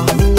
oh.